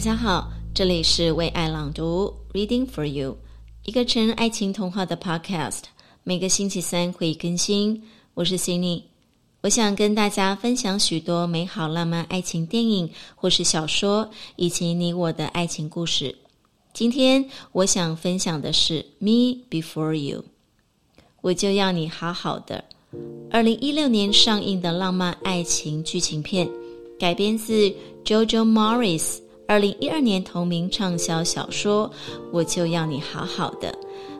大家好，這裡是為愛朗讀 （Reading for You），一個成人愛情童話的 Podcast，每個星期三會更新。我是 s i n n y 我想跟大家分享許多美好浪漫愛情電影或是小說，以及你我的愛情故事。今天我想分享的是《Me Before You》，我就要你好好的。二零一六年上映的浪漫愛情劇情片，改編自 Jojo Morris。二零一二年同名暢銷小說《我就要你好好的》，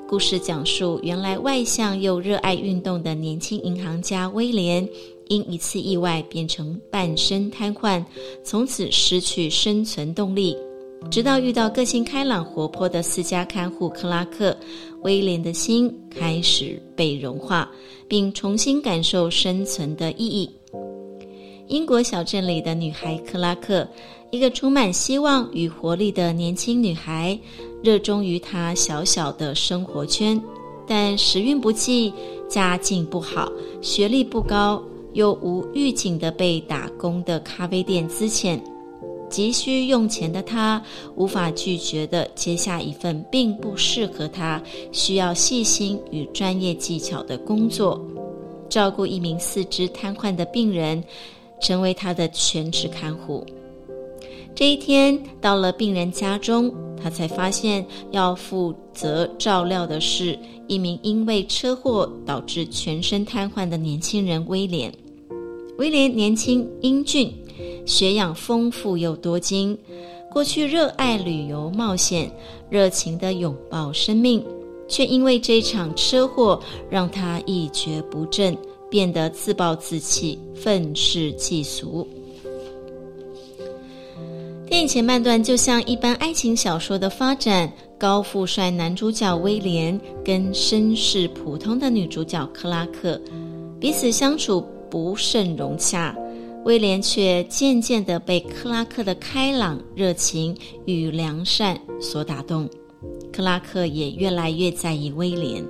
故事講述原來外向又熱愛運動的年輕銀行家威廉，因一次意外變成半身癱瘓，從此失去生存動力。直到遇到個性開朗活潑的私家看護克拉克，威廉的心開始被融化，並重新感受生存的意義。英國小鎮裡的女孩克拉克。一個充滿希望與活力的年輕女孩，熱衷於她小小的生活圈，但時運不濟，家境不好，學歷不高，又無預警的被打工的咖啡店資遣，急需用錢的她，無法拒絕的接下一份並不適合她，需要細心與專業技巧的工作，照顧一名四肢癱瘓的病人，成為她的全職看護。這一天到了病人家中，他才發現要負責照料的是一名因為車禍導致全身癱瘓的年輕人威廉。威廉年輕英俊，學養豐富又多金，過去熱愛旅遊冒險，熱情地擁抱生命，卻因為這場車禍讓他一蹶不振，變得自暴自棄、憤世嫉俗。電影前半段就像一般愛情小說的發展，高富帥男主角威廉跟身世普通的女主角克拉克彼此相處不甚融洽，威廉卻漸漸地被克拉克的開朗、熱情與良善所打動，克拉克也越來越在意威廉。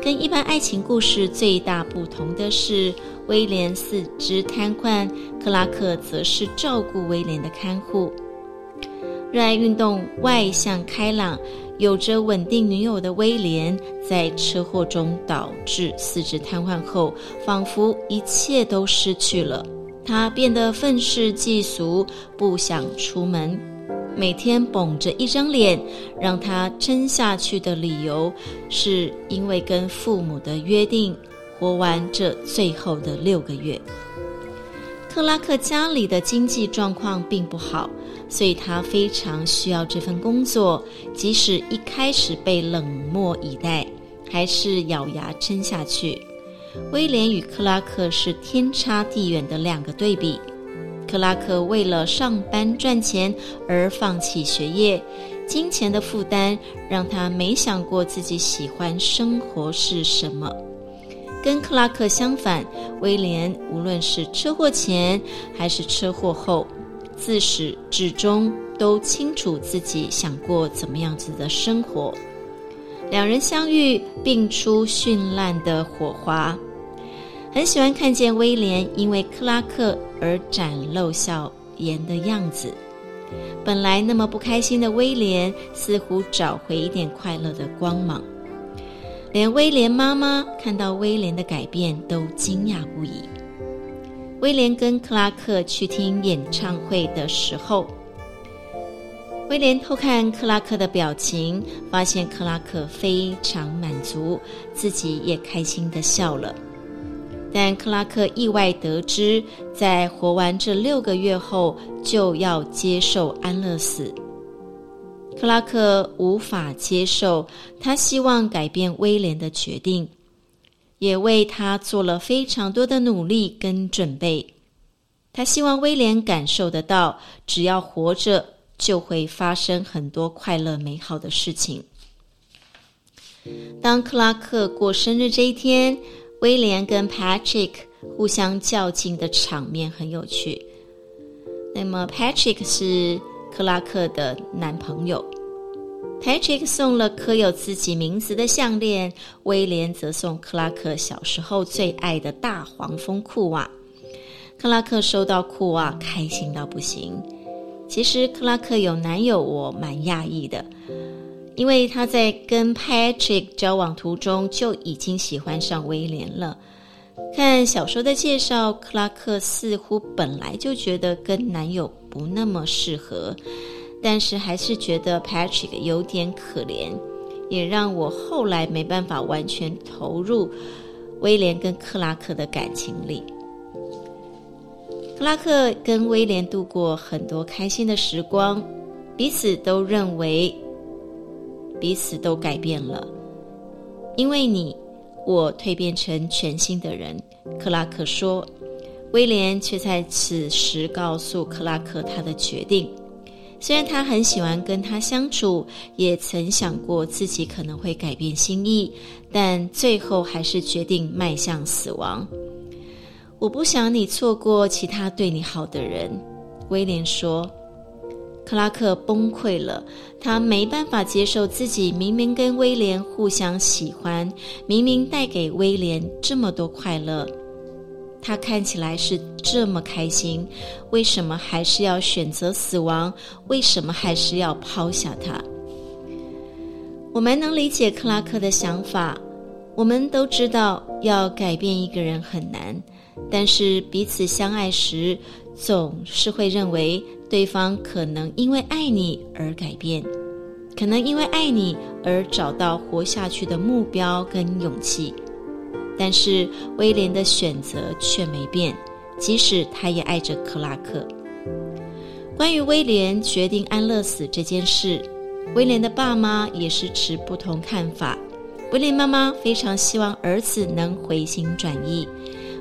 跟一般愛情故事最大不同的是。威廉四肢癱瘓，克拉克則是照顧威廉的看護。熱愛運動、外向開朗、有着穩定女友的威廉，在車禍中導致四肢癱瘓後，仿佛一切都失去了。他變得憤世嫉俗，不想出門，每天繃着一張臉。讓他撐下去的理由，是因為跟父母的約定。活完這最後的六個月，克拉克家裡的經濟狀況並不好，所以他非常需要這份工作。即使一開始被冷漠以待，還是咬牙撐下去。威廉與克拉克是天差地遠的兩個對比。克拉克為了上班賺錢而放棄學業，金錢的負擔讓他沒想過自己喜歡生活是什麼。跟克拉克相反，威廉無論是車禍前還是車禍後，自始至終都清楚自己想過怎麼樣子的生活。兩人相遇，迸出絢爛的火花。很喜歡看見威廉因為克拉克而展露笑顏的樣子。本來那麼不開心的威廉，似乎找回一點快樂的光芒。連威廉媽媽看到威廉的改變都驚訝不已。威廉跟克拉克去聽演唱會的時候，威廉偷看克拉克的表情，發現克拉克非常滿足，自己也開心地笑了。但克拉克意外得知，在活完這六個月後，就要接受安樂死。克拉克無法接受，他希望改變威廉的決定，也為他做了非常多的努力跟準備。他希望威廉感受得到，只要活着，就會發生很多快樂美好的事情。當克拉克過生日這一天，威廉跟 Patrick 互相較勁的場面很有趣。那麼 Patrick 是。克拉克的男朋友 Patrick 送了刻有自己名字的項鏈，威廉則送克拉克小時候最愛的大黃蜂褲襪。克拉克收到褲襪，開心到不行。其實克拉克有男友，我蠻訝異的，因為他在跟 Patrick 交往途中就已經喜歡上威廉了。看小說的介紹，克拉克似乎本來就覺得跟男友不那麼適合，但是還是覺得 Patrick 有點可憐，也讓我後來沒辦法完全投入威廉跟克拉克的感情裡。克拉克跟威廉度過很多開心的時光，彼此都認為彼此都改變了，因為你。我蛻變成全新的人，克拉克說。威廉卻在此時告訴克拉克他的決定。雖然他很喜歡跟他相處，也曾想過自己可能會改變心意，但最後還是決定邁向死亡。我不想你錯過其他對你好的人，威廉說。克拉克崩潰了，他沒辦法接受自己明明跟威廉互相喜歡，明明帶給威廉這麼多快樂，他看起來是這麼開心，為什麼還是要選擇死亡？為什麼還是要拋下他？我們能理解克拉克的想法，我們都知道要改變一個人很難，但是彼此相愛時。總是會認為對方可能因為愛你而改變，可能因為愛你而找到活下去的目標跟勇氣。但是威廉的選擇卻沒變，即使他也愛着克拉克。關於威廉決定安樂死這件事，威廉的爸媽也是持不同看法。威廉媽媽非常希望兒子能回心轉意。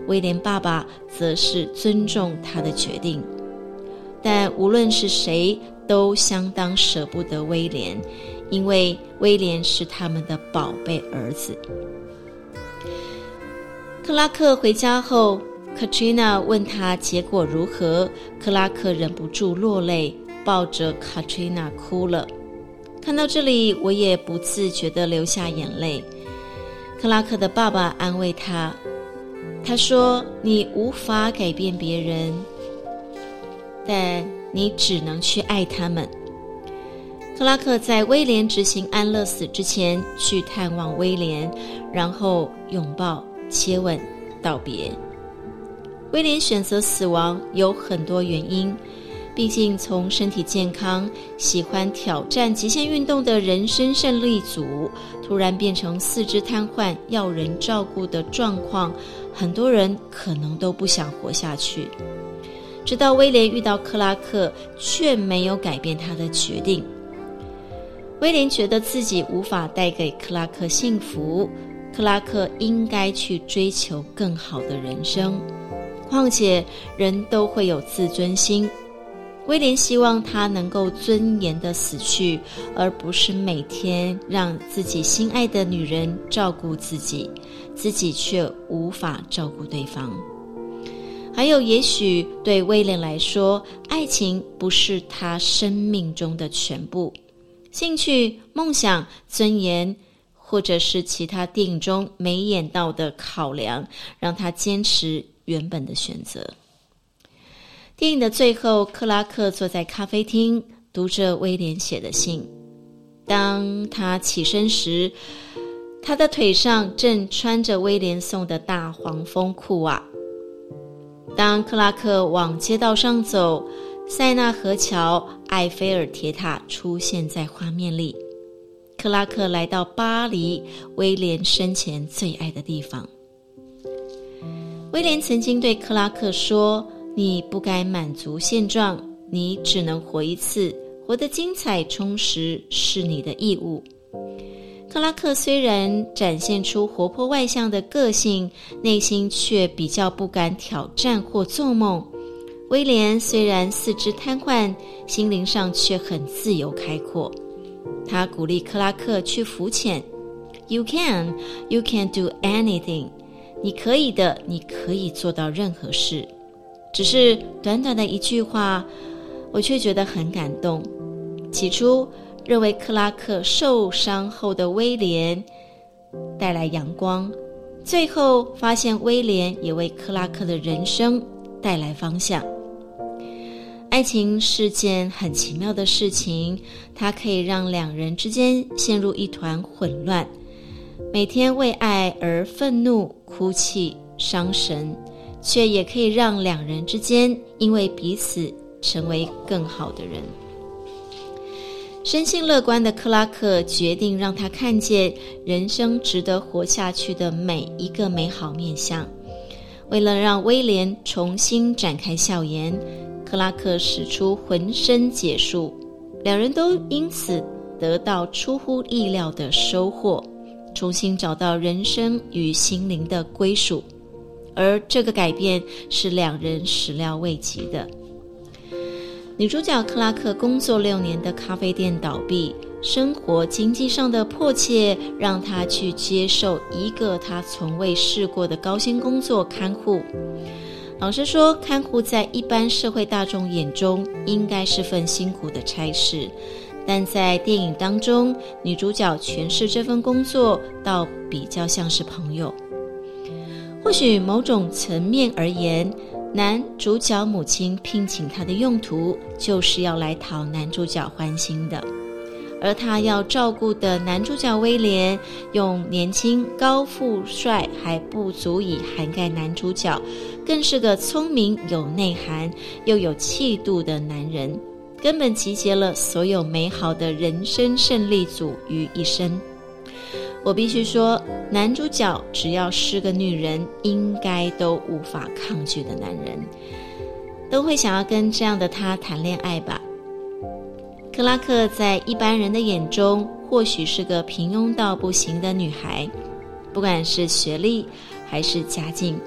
威廉爸爸則是尊重他的決定，但無論是誰都相當捨不得威廉，因為威廉是他們的寶貝兒子。克拉克回家後，卡翠娜問他結果如何，克拉克忍不住落淚，抱着卡翠娜哭了。看到這裡，我也不自覺的流下眼淚。克拉克的爸爸安慰他。他說：“你無法改變別人，但你只能去愛他們。”克拉克在威廉執行安樂死之前去探望威廉，然後擁抱、接吻、道別。威廉選擇死亡有很多原因。畢竟，從身體健康、喜歡挑戰極限運動的人生勝利組，突然變成四肢癱瘓、要人照顧的狀況，很多人可能都不想活下去。直到威廉遇到克拉克，卻沒有改變他的決定。威廉覺得自己無法帶給克拉克幸福，克拉克應該去追求更好的人生。況且，人都會有自尊心。威廉希望他能夠尊嚴地死去，而不是每天讓自己心愛的女人照顧自己，自己卻無法照顧對方。還有，也許對威廉來說，愛情不是他生命中的全部，興趣、夢想、尊嚴，或者是其他電影中沒演到的考量，讓他堅持原本的選擇。電影的最後，克拉克坐在咖啡廳，讀着威廉寫的信。當他起身時，他的腿上正穿着威廉送的大黃蜂褲襪，啊。當克拉克往街道上走，塞納河橋、埃菲爾鐵塔出現在畫面裡。克拉克來到巴黎，威廉生前最愛的地方。威廉曾經對克拉克說。你不該滿足現狀，你只能活一次，活得精彩充實是你的義務。克拉克雖然展現出活潑外向的個性，內心卻比較不敢挑戰或做夢。威廉雖然四肢癱瘓，心靈上卻很自由開闊。他鼓勵克拉克去浮潛：“You can, you can do anything。你可以的，你可以做到任何事。”只是短短的一句話，我卻覺得很感動。起初認為克拉克受傷後的威廉帶來陽光，最後發現威廉也為克拉克的人生帶來方向。愛情是件很奇妙的事情，它可以讓兩人之間陷入一團混亂，每天為愛而憤怒、哭泣、傷神。卻也可以讓兩人之間因為彼此成為更好的人。生性樂觀的克拉克決定讓他看見人生值得活下去的每一個美好面向。為了讓威廉重新展開笑顏，克拉克使出渾身解數，兩人都因此得到出乎意料的收穫，重新找到人生與心靈的歸屬。而這個改變是兩人始料未及的。女主角克拉克工作六年的咖啡店倒閉，生活經濟上的迫切，讓她去接受一個她從未試過的高薪工作——看護。老實說，看護在一般社會大眾眼中應該是份辛苦的差事，但在電影當中，女主角詮釋這份工作，倒比較像是朋友。或許某種層面而言，男主角母親聘請他的用途，就是要來討男主角歡心的。而她要照顧的男主角威廉，用年輕、高富帥還不足以涵蓋男主角，更是個聰明、有內涵又有氣度的男人，根本集結了所有美好的人生勝利組於一身。我必須說，男主角只要是個女人，應該都無法抗拒的男人，都會想要跟這樣的他談戀愛吧。克拉克在一般人的眼中，或許是個平庸到不行的女孩，不管是學歷還是家境。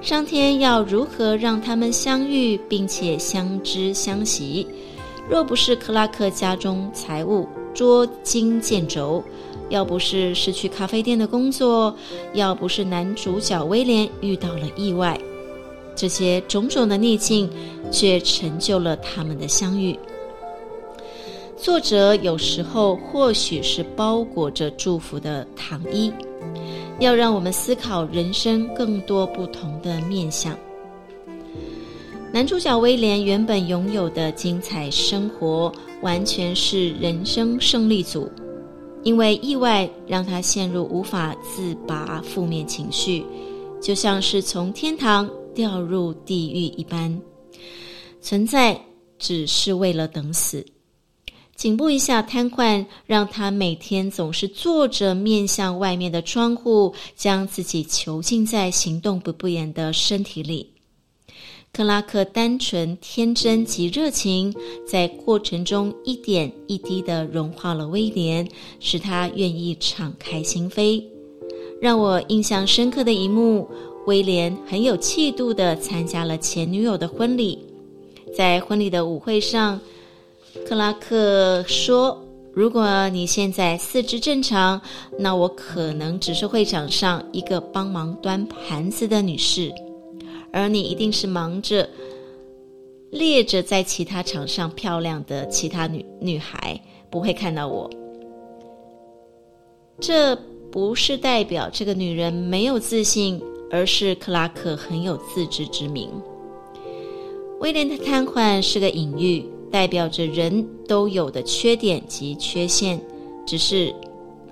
上天要如何讓他們相遇並且相知相惜？若不是克拉克家中財務捉襟見肘。要不是失去咖啡店的工作，要不是男主角威廉遇到了意外，這些種種的逆境，卻成就了他們的相遇。作者有時候或許是包裹着祝福的糖衣，要讓我們思考人生更多不同的面向。男主角威廉原本擁有的精彩生活，完全是人生勝利組。因為意外，讓他陷入無法自拔負面情緒，就像是從天堂掉入地獄一般。存在只是為了等死，頸部以下癱瘓，讓他每天總是坐着面向外面的窗戶，將自己囚禁在行動不不言的身體裡。克拉克單純、天真及熱情，在過程中一點一滴的融化了威廉，使他願意敞開心扉。讓我印象深刻的一幕，威廉很有氣度的參加了前女友的婚禮。在婚禮的舞會上，克拉克說：“如果你現在四肢正常，那我可能只是會場上一個幫忙端盤子的女士。”而你一定是忙着，獵着在其他場上漂亮的其他女女孩，不會看到我。這不是代表這個女人沒有自信，而是克拉克很有自知之明。威廉的癱瘓是個隱喻，代表着人都有的缺點及缺陷，只是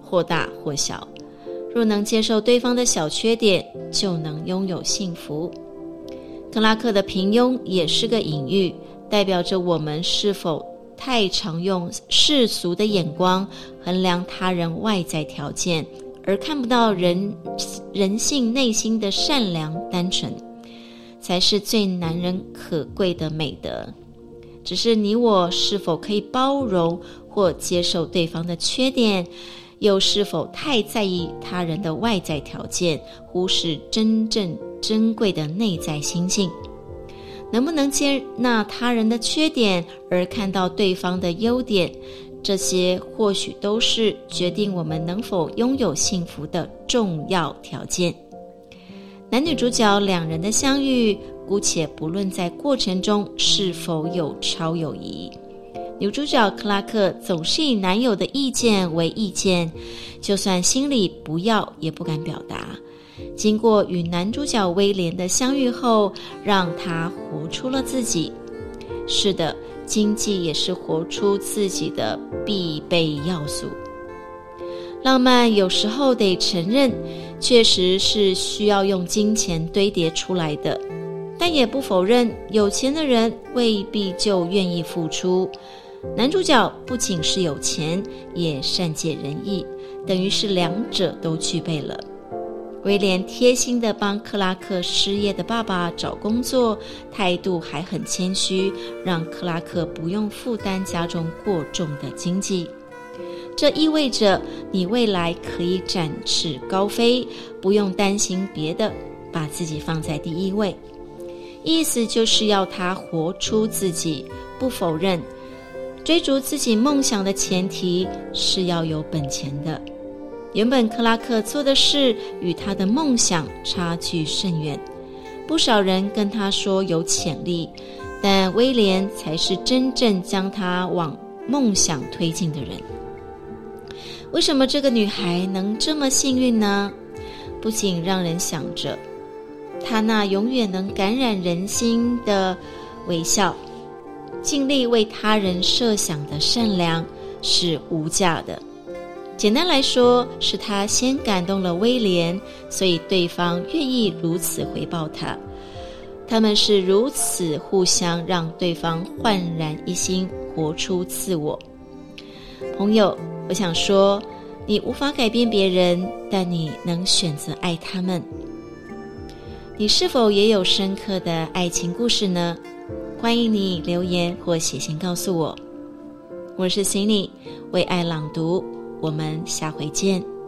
或大或小。若能接受對方的小缺點，就能擁有幸福。克拉克的平庸也是個隱喻，代表着我們是否太常用世俗的眼光衡量他人外在條件，而看不到人人性內心的善良單純，才是最難能可貴的美德。只是你我是否可以包容或接受對方的缺點？又是否太在意他人的外在條件，忽視真正珍貴的內在心境？能不能接納他人的缺點而看到對方的優點？這些或許都是決定我們能否擁有幸福的重要條件。男女主角兩人的相遇，姑且不論在過程中是否有超友誼。女主角克拉克總是以男友的意見為意見，就算心裡不要也不敢表達。經過與男主角威廉的相遇後，讓他活出了自己。是的，經濟也是活出自己的必備要素。浪漫有時候得承認，確實是需要用金錢堆疊出來的，但也不否認，有錢的人未必就願意付出。男主角不僅是有錢，也善解人意，等於是兩者都具備了。威廉貼心地幫克拉克失業的爸爸找工作，態度還很謙虛，讓克拉克不用負擔家中過重的經濟。這意味着你未來可以展翅高飛，不用擔心別的，把自己放在第一位。意思就是要他活出自己，不否認。追逐自己夢想的前提是要有本錢的。原本克拉克做的事與他的夢想差距甚遠，不少人跟他說有潛力，但威廉才是真正將他往夢想推進的人。為什麼這個女孩能這麼幸運呢？不僅讓人想着她那永遠能感染人心的微笑。盡力為他人設想的善良是無價的。簡單來說，是他先感動了威廉，所以對方願意如此回報他。他們是如此互相讓對方煥然一新，活出自我。朋友，我想說，你無法改變別人，但你能選擇愛他們。你是否也有深刻的愛情故事呢？歡迎你留言或寫信告訴我，我是 Cindy，為愛朗讀，我們下回見。